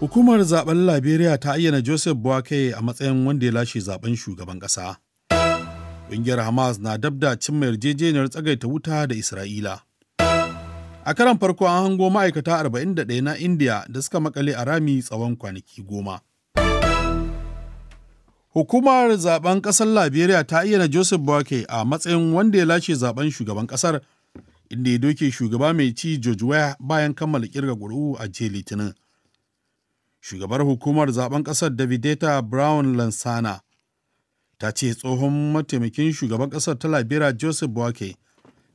Hukumar zaben Liberia ta ayyana Joseph Boakai a matsayin wanda ya lashe zaben shugaban ƙasa. Ƙungiyar Hamas na dab da cimma yarjejeniyar tsagaita wuta da Isra'ila. A karan farko an hango ma'aikata 41 na India da suka makale a rami tsawon kwanaki goma. Hukumar zaben ƙasar Liberia ta ayyana Joseph Boakai a matsayin wanda ya lashe zaben shugaban ƙasar inda ya doke shugaba mai ci George Weah bayan kammala kirga ƙuri'u a jiya Litinin. shugabar hukumar zaben ƙasar davideta brown lansana ta ce tsohon mataimakin shugaban ƙasar ta liberia joseph buake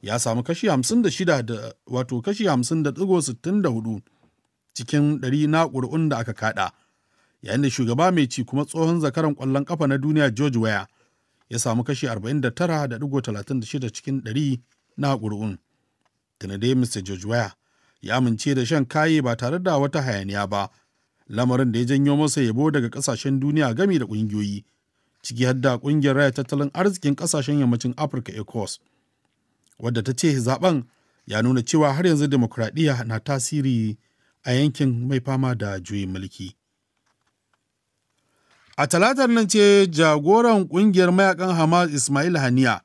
ya samu kashi 56 wato kashi 50.64 cikin 100 na ƙuri'un da aka kada yayin da shugaba mai ci kuma tsohon zakaran ƙwallon ƙafa na duniya george waya ya samu kashi 49.36 cikin 100 na ƙuri'un tunadai mr george waya ya amince da shan kaye ba tare da wata hayaniya ba lamarin da ya janyo masa yabo daga kasashen duniya gami da ƙungiyoyi ciki har da ƙungiyar raya tattalin arzikin ƙasashen yammacin afirka ecos wadda ta ce zaben ya nuna cewa har yanzu demokuraɗiyya na tasiri a yankin mai fama da juyin mulki a talatar nan ce jagoran ƙungiyar mayakan hamas ismail haniya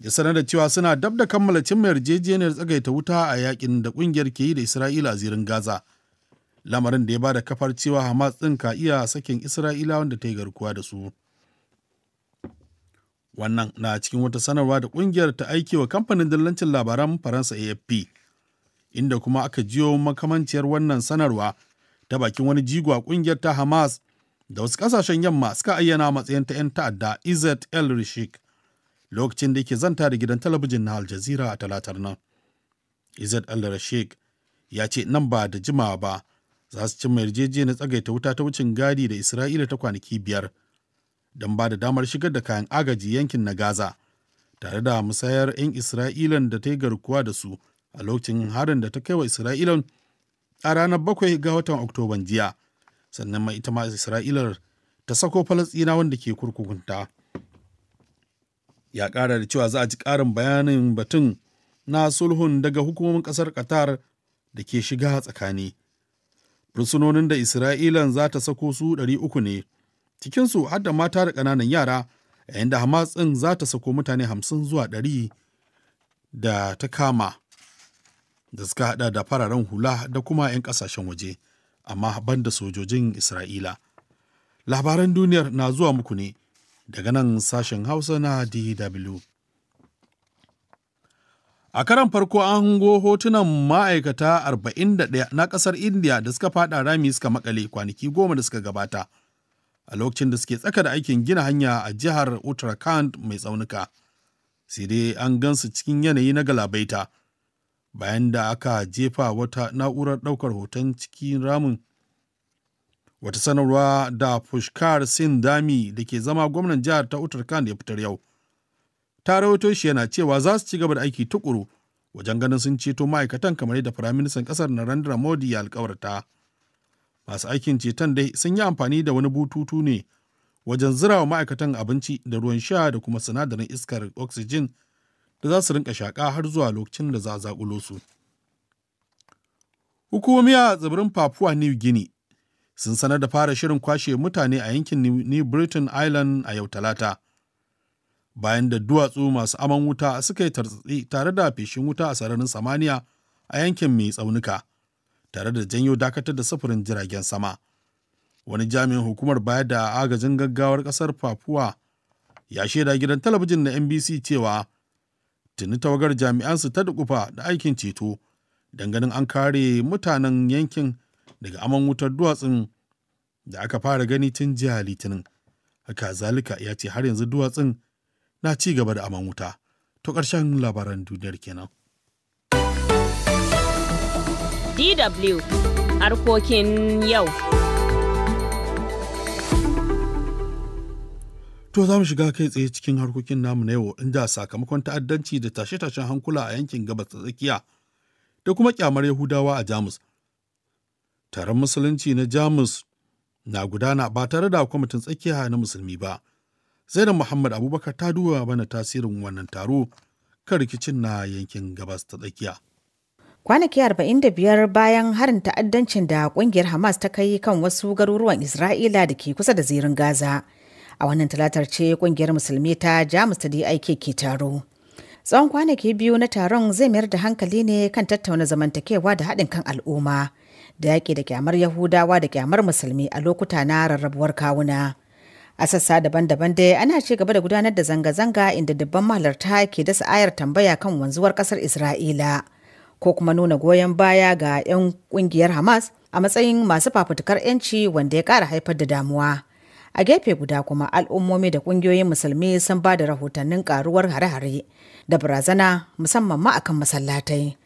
ya sanar da cewa suna dab da kammala cimma yarjejeniyar tsagaita wuta a yakin da ƙungiyar ke yi da isra'ila a zirin gaza lamarin da ya ba da kafar cewa hamas ɗin ka iya sakin Isra'ila da ta yi garkuwa da su wannan na cikin wata sanarwa da ƙungiyar ta aike wa kamfanin dillancin labaran faransa afp inda kuma aka jiyo makamanciyar wannan sanarwa ta bakin wani jigo a ƙungiyar ta hamas da wasu ƙasashen yamma suka ayyana matsayin ta 'yan ta'adda izet el rishik lokacin da yake zanta da gidan talabijin na al a talatar nan izet- el rishik ya ce nan ba da jimawa ba za su cimma yarjejeniyar tsagaita wuta ta wucin gadi da isra'ila ta kwanaki biyar don ba da damar shigar da kayan agaji yankin na gaza tare da musayar 'yan isra'ilan da ta yi garkuwa da su a lokacin harin da ta kai wa isra'ilan a ranar bakwai ga watan oktoban jiya sannan mai ita ma isra'ilar ta sako falastina wanda ke kurkukunta ya kara da cewa za a ji karin bayanin batun na sulhun daga hukumomin kasar qatar da ke shiga tsakani Fursunonin da Isra'ilan za ta sako su ɗari uku ne, cikinsu har da mata da ƙananan yara, yayin da Hamas ɗin za ta sako mutane hamsin zuwa ɗari da ta kama da suka haɗa da fararen hula da kuma 'yan ƙasashen waje, amma ban da sojojin Isra'ila. Labaran duniyar na zuwa muku ne daga nan sashen Hausa na DW. A karan farko an hango hotunan ma'aikata 41 na ƙasar India da suka fada rami suka makale kwanaki goma da suka gabata a lokacin da suke tsaka da aikin gina hanya a jihar Uttarakhand mai tsaunuka. Sai dai an su cikin yanayi na galabaita bayan da aka jefa wata na'urar ɗaukar hoton cikin ramin. Wata sanarwa da Pushkar sindami da ke zama gwamnan jihar ta Uttarakhand ya fitar yau. ta rawaito shi yana cewa za su ci gaba da aiki tukuru wajen ganin sun ceto ma'aikatan kamar yadda firaministan kasar Narendra Modi ya alkawarta. Masu aikin ceton dai sun yi amfani da wani bututu ne wajen zirawa ma'aikatan abinci da ruwan sha da kuma sinadarin iskar oxygen da za su rinka shaka har zuwa lokacin da za a zaƙulo su. Hukumomi a tsibirin Papua New Guinea sun sanar da fara shirin kwashe mutane a yankin New Britain Island a yau Talata. bayan da duwatsu masu aman wuta suka yi tartsatsi tare da feshin wuta a sararin samaniya a yankin mai tsaunuka tare da janyo dakatar da sufurin jiragen sama wani jami'in hukumar baya da agajin gaggawar kasar papua ya shaida gidan talabijin na nbc cewa tuni tawagar jami'ansu ta dukufa da aikin ceto danganin an kare mutanen yankin daga aman wutar duwatsun da aka fara gani tun jiya litinin haka zalika ya ce har yanzu duwatsun na ci gaba da aman wuta to ƙarshen labaran duniyar kenan DW harkokin yau To za mu shiga kai tsaye cikin harkokin namu na yau inda sakamakon ta'addanci da tashe-tashen hankula a yankin gabas ta tsakiya da kuma kyamar Yahudawa a Jamus. Taron Musulunci na Jamus na gudana ba tare da kwamitin tsakiya na Musulmi ba, zainab muhammad abubakar ta duba mana tasirin wannan taro kan rikicin na yankin gabas ta tsakiya kwanaki 45 bayan harin ta'addancin da kungiyar hamas ta kai kan wasu garuruwan isra'ila da ke kusa da zirin gaza a wannan talatar ce kungiyar musulmi ta jamus ta dik ke taro tsawon kwanaki biyu na taron zai mayar da hankali ne kan tattauna zamantakewa da haɗin kan al'umma da yaƙi da kyamar yahudawa da kyamar musulmi a lokuta na rarrabuwar kawuna A sassa daban-daban dai ana ci gaba da gudanar da zanga-zanga inda dubban mahalarta ke dasa ayar tambaya kan wanzuwar kasar Isra'ila ko kuma nuna goyon baya ga 'yan kungiyar Hamas a matsayin masu fafutukar 'yanci wanda ya ƙara haifar da damuwa. A gefe guda kuma al'ummomi da kungiyoyin musulmi sun ba da rahotannin karuwar hare-hare da barazana musamman ma akan masallatai.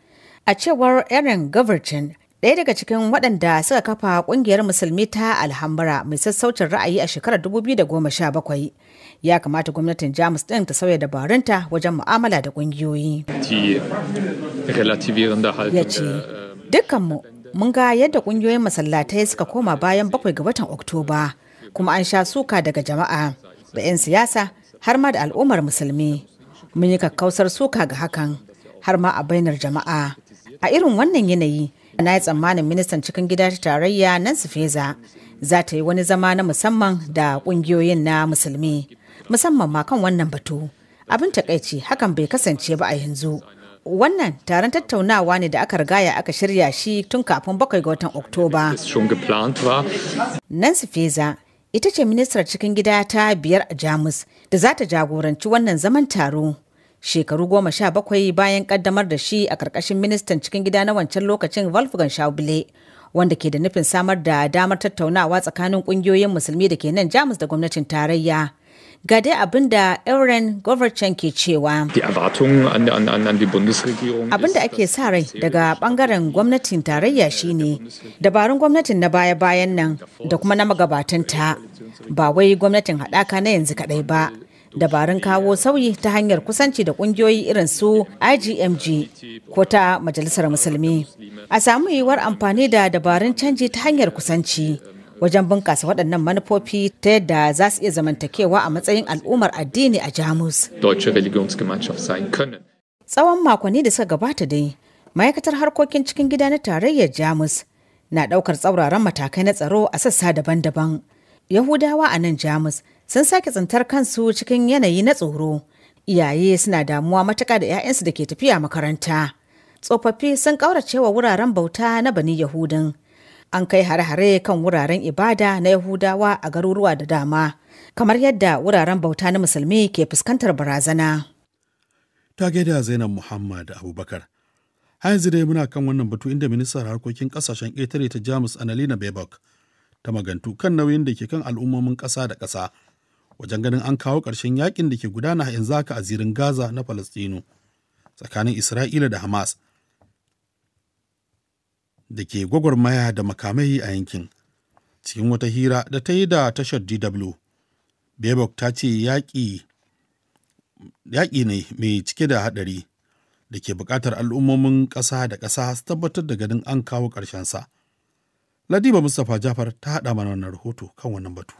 A cewar Erin Gaverchin, Daya daga cikin waɗanda suka kafa ƙungiyar musulmi ta Alhambra mai sassaucin ra'ayi a shekarar 2017 ya kamata gwamnatin Jamus ɗin ta sauya dabarunta wajen mu'amala da ƙungiyoyi. Ya ce, dukkanmu mun ga yadda ƙungiyoyin masallatai suka koma bayan bakwai ga watan Oktoba kuma an sha suka daga jama'a da 'yan siyasa har ma da al'ummar musulmi. Mun yi kakkausar suka ga hakan har ma a bainar jama'a. A irin wannan yanayi na yi tsammanin ministan cikin gida ta tarayya nancy feza za ta yi wani zama na musamman da kungiyoyin na musulmi musamman ma kan wannan batu abin takaici hakan bai kasance ba a yanzu wannan taron tattaunawa ne da aka rigaya aka shirya shi tun kafin bakwai ga watan oktoba nancy feza ita ce ministar cikin gida ta biyar a jamus da za ta jagoranci wannan zaman taro shekaru goma sha bakwai bayan kaddamar da shi a karkashin ministan cikin gida na wancan lokacin Wolfgang Schaubule wanda ke da nufin samar da damar tattaunawa tsakanin kungiyoyin musulmi da ke nan Jamus da gwamnatin tarayya. Ga dai abin da Euren Goverchan ke cewa. Abin da ake sa rai daga bangaren gwamnatin tarayya shine dabarun gwamnatin na baya-bayan nan da kuma na magabatanta ba wai gwamnatin haɗaka na yanzu kaɗai ba. dabarun kawo sauyi ta hanyar kusanci da kungiyoyi irin su IGMG ko ta Majalisar Musulmi. A samu yiwuwar amfani da dabarun canji ta hanyar kusanci wajen bunƙasa waɗannan manufofi ta yadda za su iya zamantakewa a matsayin al'ummar addini a Jamus. Tsawon makonni da suka gabata dai, ma'aikatar harkokin cikin gida na tarayyar Jamus na ɗaukar tsauraran matakai na tsaro a sassa daban-daban. Yahudawa a nan Jamus sun sake tsintar kansu cikin yanayi na tsoro iyaye suna damuwa matuka da 'ya'yansu da ke tafiya makaranta tsofaffi sun wa wuraren bauta na bani yahudin an kai hare-hare kan wuraren ibada na yahudawa a garuruwa da dama kamar yadda wuraren bauta na musulmi ke fuskantar barazana ta gaida zainab muhammad abubakar har yanzu dai muna kan wannan batu inda ministar harkokin kasashen ƙetare ta jamus annalina bebok ta magantu kan nauyin da ke kan al'ummomin ƙasa da ƙasa wajen ganin an kawo ƙarshen yakin da ke gudana yanzu haka a zirin Gaza na Falastinu tsakanin Isra'ila da Hamas da ke gwagwarmaya da makamai a yankin. Cikin wata hira da ta yi da tashar DW, Bebok ta ce yaƙi ne mai cike da haɗari da ke buƙatar al'ummomin ƙasa da ƙasa su tabbatar da ganin an kawo ƙarshensa. Ladiba Mustapha Jafar ta haɗa mana wannan rahoto kan wannan batu.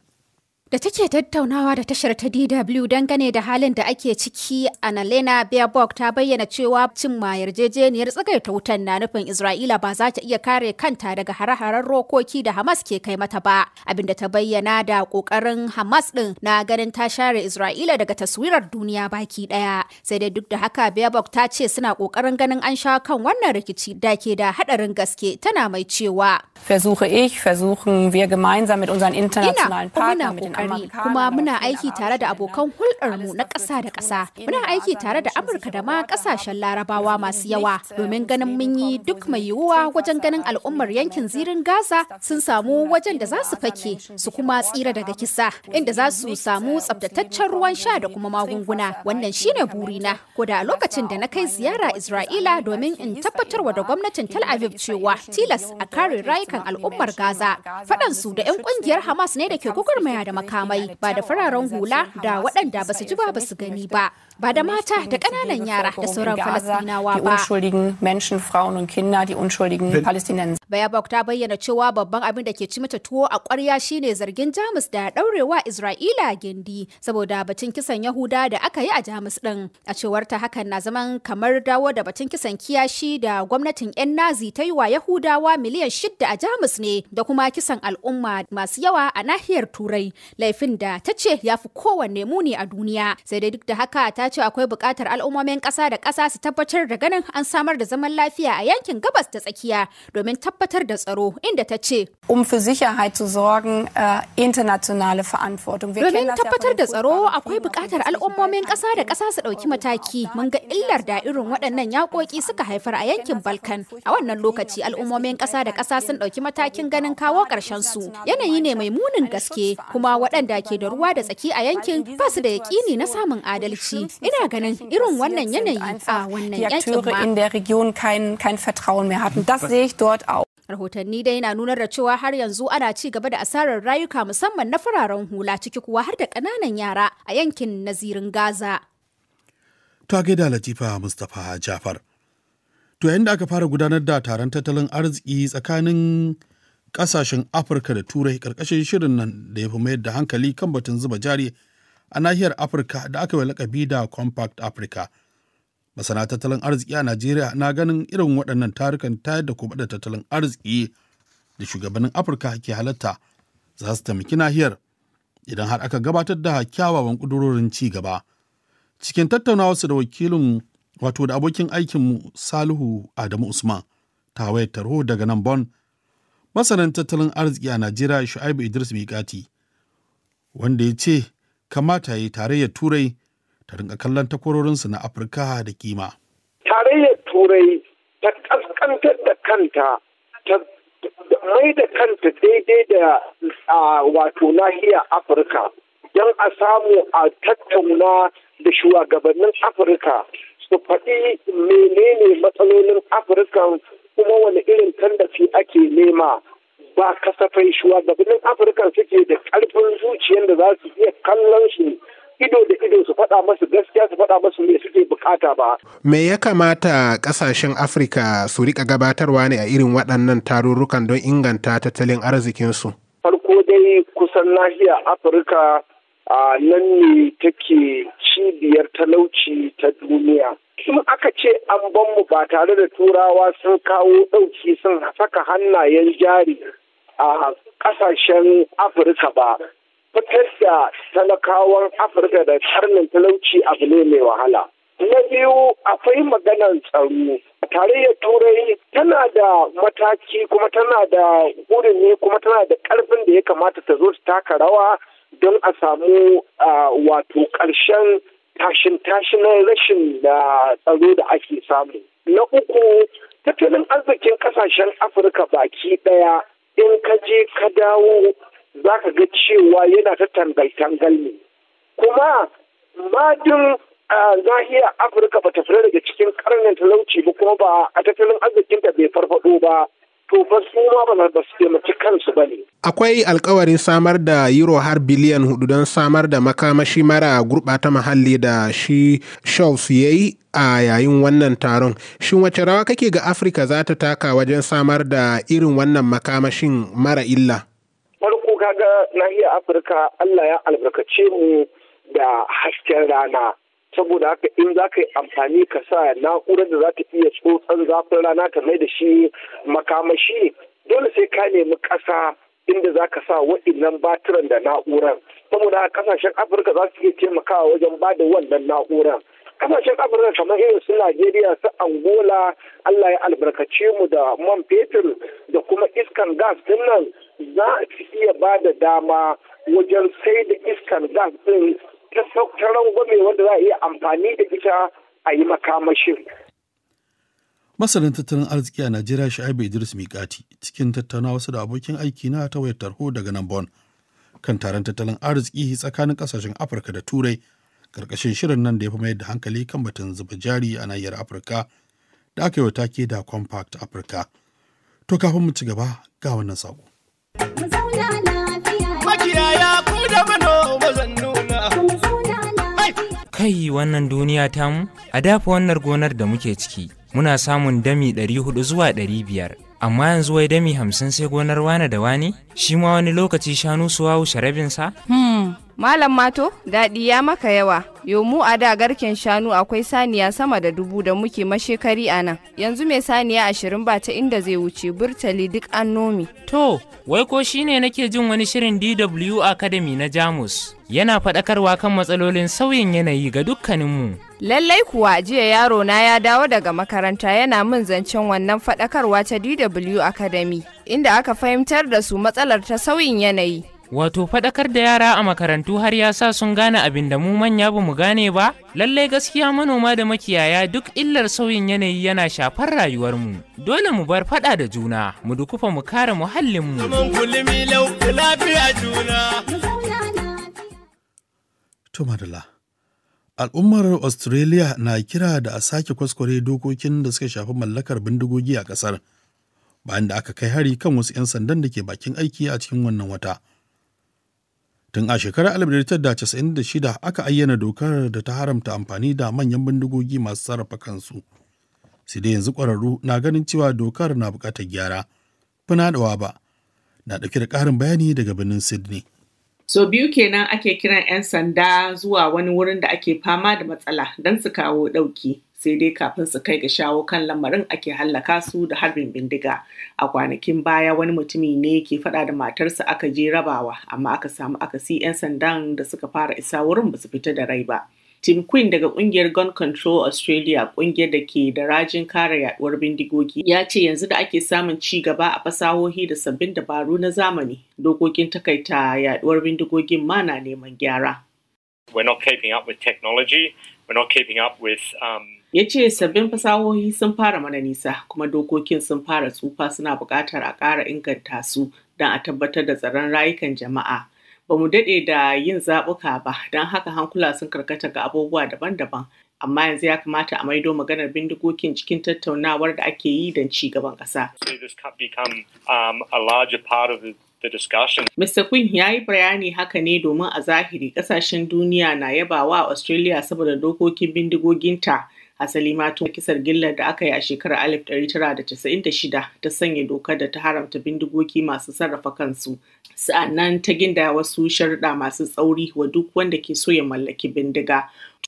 da take tattaunawa da tashar ta DW dangane da halin da ake ciki a nalena bearbog ta bayyana cewa cin ma yarjejeniyar ta wutan na nufin Isra'ila ba za ta iya kare kanta daga hare-haren rokoki da Hamas ke kai mata ba abinda ta bayyana da kokarin Hamas din na ganin ta share Isra'ila daga taswirar duniya baki daya sai dai duk da haka bearbog ta ce suna kokarin ganin an sha kan wannan rikici da ke da hadarin gaske tana mai cewa versuche ich versuchen wir gemeinsam mit unseren internationalen Partnern kuma muna aiki tare da abokan hulɗarmu na ƙasa da ƙasa. Muna aiki tare da Amurka da ma ƙasashen Larabawa masu yawa domin uh, ganin mun yi duk mai yiwuwa wajen ganin al'ummar yankin zirin Gaza sun samu wajen da za su fake su kuma tsira daga kisa inda za su samu tsabtataccen ruwan sha da kuma magunguna. Wannan shine burina ko da a lokacin da na kai ziyara Isra'ila domin in tabbatarwa da gwamnatin Tel Aviv cewa tilas a kare rayukan al'ummar Gaza. Faɗansu da 'yan ƙungiyar Hamas ne da ke gwagwarmaya da maka makamai ba da fararen hula da waɗanda ba su ji ba su gani ba ba da mata da ƙananan yara da sauran falastinawa ba. unschuldigen Menschen, Frauen und Kinder, die unschuldigen Palästinenser. ta bayyana cewa babban abin da ke ci mata tuwo a ƙwarya shine zargin Jamus da ɗaurewa Isra'ila gindi saboda batun kisan Yahuda da aka yi a Jamus ɗin. A cewar ta hakan na zaman kamar dawo da batun kisan kiyashi da gwamnatin 'yan Nazi ta yi wa Yahudawa miliyan shidda a Jamus ne da kuma kisan al'umma masu yawa a nahiyar Turai. Laifin da ta ce ya fi kowanne muni a duniya. Sai dai duk da haka ta ce akwai buƙatar al'ummomin ƙasa da ƙasa su tabbatar da ganin an samar da zaman lafiya a yankin gabas da tsakiya domin tabbatar da tsaro inda ta ce. Um für Sicherheit zu sorgen, äh, internationale Verantwortung. Domin tabbatar da tsaro akwai buƙatar al'ummomin ƙasa da ƙasa su ɗauki mataki. Mun ga illar da irin waɗannan yaƙoƙi suka haifar a yankin Balkan. A wannan lokaci al'ummomin ƙasa da ƙasa sun ɗauki matakin ganin kawo ƙarshen su. Yanayi ne mai munin gaske kuma waɗanda ke da ruwa da tsaki a yankin ba su da yaƙini na samun adalci. Ina ganin irin wannan Yanayi a wannan yankin ma. Region kein, kein Vertrauen mehr hatten. Das sehe ich dort auch. rahotanni dai na nunar da cewa har yanzu ana ci gaba da asarar rayuka musamman na fararen hula ciki kuwa har da ƙananan yara a yankin nazirin gaza ta gaida latifa mustapha jafar to yayin da aka fara gudanar da taron tattalin arziki tsakanin kasashen afirka da turai karkashin shirin nan da ya fi mayar da hankali kan batun zuba jari a nahiyar Afirka da aka yi lakabi da Compact Africa. Masana tattalin arziki a Najeriya na ganin irin waɗannan tarukan tayar da kuɓa da tattalin arziki da shugabannin Afirka ke halatta za su taimaki nahiyar idan har aka gabatar da kyawawan ƙudurorin ci gaba. Cikin tattaunawa su da wakilin wato da abokin aikinmu Salihu Adamu Usman ta wayar tarho daga nan Bon masanin tattalin arziki a Najeriya Shu'aibu Idris Mikati wanda ya ce kamata yi tarayyar turai ta rinka kallon takwarorinsu na afirka da kima tarayyar turai ta kaskantar da kanta ta mai da kanta daidai da wato nahiyar afirka don a samu a tattauna da shugabannin afirka su faɗi menene matsalolin afirka kuma wani irin tallafi ake nema ba kasafai Shuwa shugabannin afirka suke da karfin zuciyar da za su iya kallon shi ido da ido su faɗa masu gaskiya su faɗa masu mai suke bukata ba. Me ya kamata ƙasashen Afirka su rika gabatarwa ne a irin waɗannan tarurrukan don inganta tattalin arzikinsu? Farko dai kusan nahiyar Afirka a nan ne take cibiyar talauci ta duniya. Tun aka ce an ban mu ba tare da turawa sun kawo ɗauki sun saka hannayen jari a kasashen Afirka ba. Fitar da talakawan Afirka da tsarnin talauci abu ne mai wahala. Na biyu akwai maganar tsaro. A Tarayyar Turai tana da mataki kuma tana da ne kuma tana da ƙarfin da ya kamata ta zo ta taka rawa don a samu wato ƙarshen tashin-tashinan rashin da tsaro da ake samu. Na uku, tattalin arzikin ƙasashen Afirka baki ɗaya Idan ka je ka dawo za ka ga cewa yana ta tangal-tangal ne kuma madin a iya afirka ba ta fita daga cikin karnin talauci ba kuma ba a tattalin arzikinta bai farfado ba to suma su ma ba taimaki kansu ba ne. Akwai alkawarin samar da euro har biliyan hudu don samar da makamashi mara gurɓata muhalli da shi Shows ya yi a yayin wannan taron. Shin wace rawa kake ga Afirka za ta taka wajen samar da irin wannan makamashin mara illa? Farko kaga nahiyar Afirka Allah ya albarkace mu da hasken rana. saboda haka in za ka yi amfani ka sa na'urar da za ta iya tsotsan zafin rana ka mai da shi makamashi dole sai ka nemi ƙasa inda za ka sa waɗannan batiran da na'urar saboda haka kasashen afirka za su iya taimakawa wajen ba da wannan na'urar kasashen afirka kamar irin su najeriya su angola allah ya albarkace mu da man fetur da kuma iskan gas din nan za su iya ba da dama wajen sai da iskan gas din ta rangwame wanda za a iya amfani da ita a yi makamashin. Masanin tattalin arziki a Najeriya Sha'ibu Idris Mikati cikin tattauna wasu da abokin aiki na ta wayar tarho daga nan Bon kan taron tattalin arziki tsakanin ƙasashen Afirka da Turai ƙarƙashin shirin nan da ya fi mayar da hankali kan batun zuba jari a nahiyar Afirka da aka yi wa take da Compact Afirka. To kafin mu ci gaba ga wannan saƙo. kai wannan duniya tamu a dafa wannan gonar da muke ciki muna samun dami 400 zuwa 500 amma yanzu wai dami 50 sai gonar wane da wani shi ma wani lokaci shanu su wawu sharabinsa? Hmm. Malam Mato, daɗi ya maka yawa. Yomu a da garken shanu akwai saniya sama da dubu da muke mashekari a nan. Yanzu mai saniya ashirin ba ta inda zai wuce burtali duk an nomi. To, wai ko ne nake jin wani shirin DW Academy na Jamus. Yana faɗakarwa kan matsalolin sauyin yanayi ga dukkaninmu. Lallai kuwa jiya yaro na ya dawo daga makaranta yana min zancen wannan faɗakarwa ta DW Academy, inda aka fahimtar da su matsalar ta sauyin yanayi. Wato faɗakar da yara a makarantu har ya sa sun gane abin da mu manya ba mu gane ba? Lallai gaskiya manoma da makiyaya duk illar sauyin yanayi yana shafar rayuwarmu. Dole mu bar faɗa da juna, mu dukufa mu kare muhallinmu. To madalla, al'ummar Australia na kira da a sake kwaskware dokokin da suka shafi mallakar bindigogi a ƙasar, bayan da aka kai hari kan wasu 'yan sandan da ke bakin aiki a cikin wannan wata. Tun a shekarar 1996 aka ayyana dokar da ta haramta amfani da manyan bindigogi masu sarrafa kansu. Sai dai yanzu kwararru na ganin cewa dokar na buƙatar gyara. da ba, na ɗauke da ƙarin bayani daga birnin Sydney. So biyu kenan ake kiran 'yan sanda zuwa wani wurin da ake fama da matsala don su kawo ɗauki. sai dai kafin su kai ga shawo kan lamarin ake hallaka su da harbin bindiga a kwanakin baya wani mutumi ne ke fada da matarsa aka je rabawa amma aka samu akasi 'yan sandan da suka fara isa wurin ba su fita da rai ba Tim Quinn daga kungiyar Gun Control Australia kungiyar da ke da rajin kare yaduwar bindigogi ya ce yanzu da ake samun ci gaba a fasahohi da sabbin dabaru na zamani dokokin takaita yaduwar bindigogin ma na neman gyara. We're not keeping ya ce sabbin fasahohi sun fara mana nisa kuma dokokin sun fara tsufa suna buƙatar a ƙara inganta su don a tabbatar da tsaron rayukan jama'a ba mu daɗe da yin zaɓuka ba don haka hankula sun karkata ga abubuwa daban-daban amma yanzu ya kamata a maido maganar bindigokin cikin tattaunawar da ake yi don ci gaban ƙasa. Mr. Um, Quinn ya yi bayani haka ne domin a zahiri ƙasashen duniya na yabawa a Australia saboda dokokin bindigoginta asali ma tun kisar gillar da aka yi a shekarar 1996 ta sanya dokar da ta haramta bindigogi masu sarrafa kansu sa'annan ta ginda wasu sharuɗa masu tsauri wa duk wanda ke so ya mallaki bindiga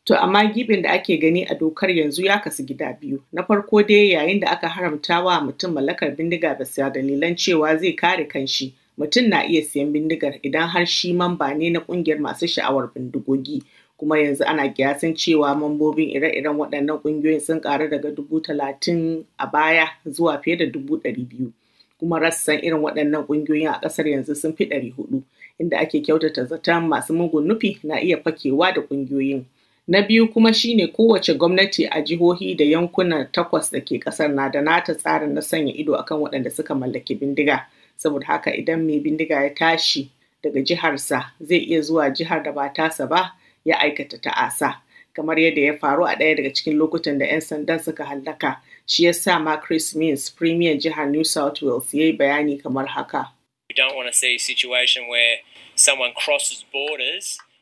To amma gibin da ake gani a dokar yanzu ya kasu gida biyu. Na farko dai yayin da aka haramta wa mutum mallakar bindiga siya dalilan cewa zai kare kanshi. Mutum na iya siyan bindigar idan har shi mamba ne na kungiyar masu sha'awar bindigogi. kuma yanzu ana kiyasin cewa mambobin ire-iren waɗannan ƙungiyoyin sun ƙaru daga dubu talatin a baya zuwa fiye da dubu ɗari biyu kuma rassan irin waɗannan ƙungiyoyin a ƙasar yanzu sun fi ɗari hudu inda ake kyautata zaton masu mugun nufi na iya fakewa da ƙungiyoyin na biyu kuma shine kowace gwamnati a jihohi da yankunan takwas da ke ƙasar na da nata tsarin na sanya ido akan waɗanda suka mallaki bindiga saboda haka idan mai bindiga ya tashi daga jiharsa zai iya zuwa jihar da ba tasa ba ya aikata ta'asa kamar yadda ya faru a ɗaya daga cikin lokutan da 'yan sandan suka hallaka shi ya sa ma chris means premier jihar new south wales ya yi bayani kamar haka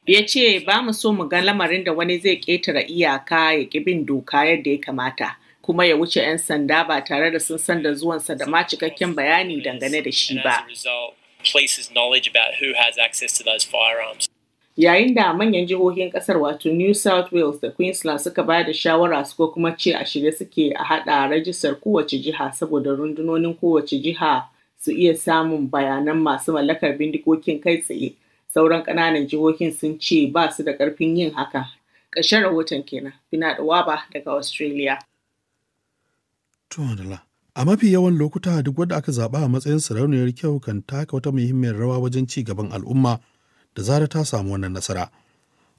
ya ce ba mu so mu ga lamarin da wani zai ƙetare iyaka ya ƙi bin doka yadda ya kamata kuma ya wuce 'yan sanda ba tare da sun san da zuwansa da ma cikakken bayani dangane da shi ba. places knowledge about who has access to those firearms. yayin da manyan jihohin kasar wato new south wales da queensland suka ba da shawara su ko kuma ce a shirye suke a hada rajistar kowace jiha saboda rundunonin kowace jiha su iya samun bayanan masu mallakar bindigokin kai tsaye sauran kananan jihohin sun ce ba su da karfin yin haka ƙarshen rahoton kenan bina da waba daga australia a mafi yawan lokuta duk wanda aka zaba a matsayin sarauniyar kyau kan taka wata muhimmiyar rawa wajen ci gaban al'umma da zarar ta samu wannan nasara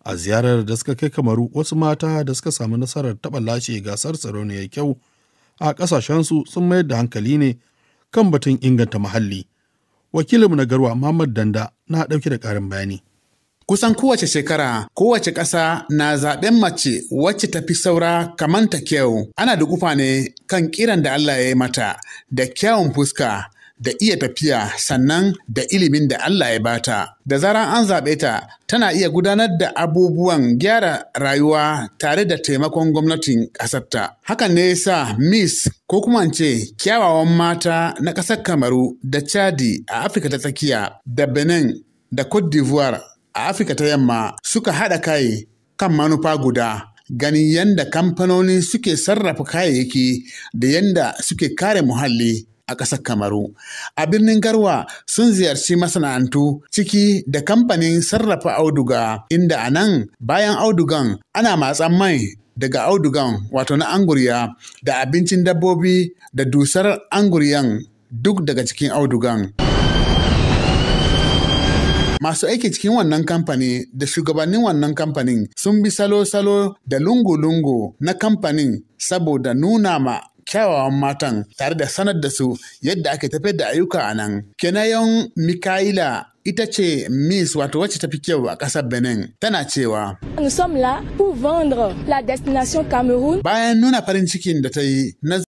a ziyarar da suka kai kamaru wasu mata da suka samu nasarar taɓa lashe gasar tsaro ne ya kyau a ƙasashensu sun mayar da hankali ne kan batun inganta muhalli wakilinmu na garwa muhammad danda na ɗauke da ƙarin bayani Kusan kowace shekara, kowace ƙasa na zaɓen mace wacce ta fi saura kamanta kyau. Ana dukufa ne kan kiran da Allah ya yi mata da kyawun fuska da iya tafiya sannan da ilimin da Allah ya bata. Da zaran an zaɓe ta, tana iya gudanar da abubuwan gyara rayuwa tare da taimakon gwamnatin ƙasarta. Hakan ne ya sa Miss ko kuma ce kyawawan mata na ƙasar Kamaru da Chadi a Afirka ta tsakiya da Benin da Cote d'Ivoire a Afirka ta yamma suka haɗa kai kan manufa guda. ganin yadda kamfanoni suke sarrafa kayayyaki da yadda suke kare muhalli a ƙasar Kamaru. A birnin Garwa sun ziyarci masana'antu ciki da kamfanin sarrafa auduga inda a nan bayan audugan ana matsan mai daga audugan wato na anguriya da abincin dabbobi da dusar anguriyan duk daga cikin audugan. masu aiki cikin wannan kamfani da shugabannin wannan kamfanin sun bi salo-salo da lungu-lungu na kamfanin saboda nuna ma kyawawan matan tare da sanar da su yadda ake tafiyar da ayyuka a nan. Kenayon Mikaila ita ce Miss wato wacce tafi kyau a ƙasar Benin tana cewa. Nous sommes là pour vendre la destination Cameroun. Bayan nuna farin cikin da ta yi na